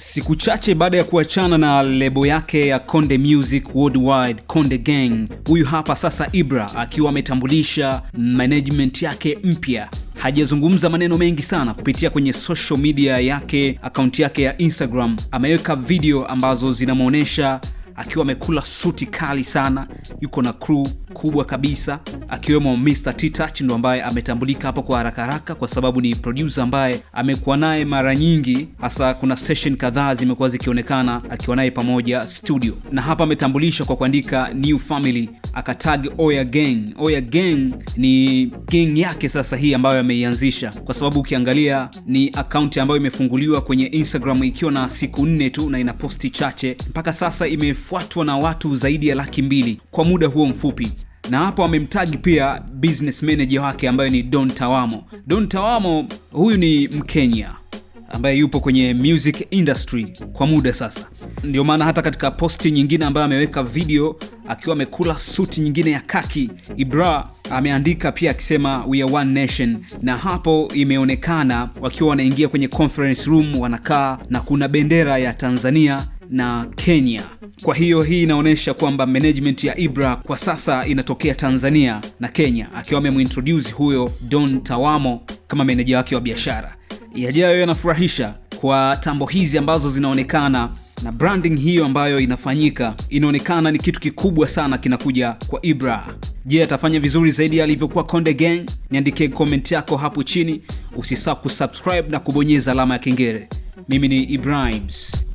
Siku chache baada ya kuachana na lebo yake ya Konde Music Worldwide, Konde Gang, huyu hapa sasa Ibra akiwa ametambulisha management yake mpya. Hajazungumza maneno mengi sana kupitia kwenye social media yake, akaunti yake ya Instagram ameweka video ambazo zinamwonyesha akiwa amekula suti kali sana, yuko na crew kubwa kabisa, akiwemo Mr T-Touch ndo ambaye ametambulika hapo kwa haraka haraka kwa sababu ni producer ambaye amekuwa naye mara nyingi, hasa kuna session kadhaa zimekuwa zikionekana akiwa naye pamoja studio, na hapa ametambulisha kwa kuandika new family akatag Oya Gang. Oya Gang ni gang yake sasa hii ambayo ameianzisha, kwa sababu ukiangalia ni akaunti ambayo imefunguliwa kwenye Instagram ikiwa na siku nne tu na ina posti chache, mpaka sasa imefuatwa na watu zaidi ya laki mbili kwa muda huo mfupi na hapo amemtagi pia business manager wake ambaye ni Don Tawamo. Don Tawamo huyu ni Mkenya ambaye yupo kwenye music industry kwa muda sasa. Ndio maana hata katika posti nyingine ambayo ameweka video akiwa amekula suti nyingine ya kaki, Ibra ameandika pia akisema we are one nation, na hapo imeonekana wakiwa wanaingia kwenye conference room, wanakaa na kuna bendera ya Tanzania na Kenya kwa hiyo hii inaonyesha kwamba management ya Ibra kwa sasa inatokea Tanzania na Kenya, akiwa amemuintroduce huyo Don Tawamo kama meneja wake wa biashara. Yajayo yanafurahisha kwa tambo hizi ambazo zinaonekana na branding hiyo ambayo inafanyika inaonekana ni kitu kikubwa sana kinakuja kwa Ibra. Je, atafanya vizuri zaidi alivyokuwa Konde Gang? Niandikie koment yako hapo chini, usisaa kusubscribe na kubonyeza alama ya kengere Mimi ni Ibrahims.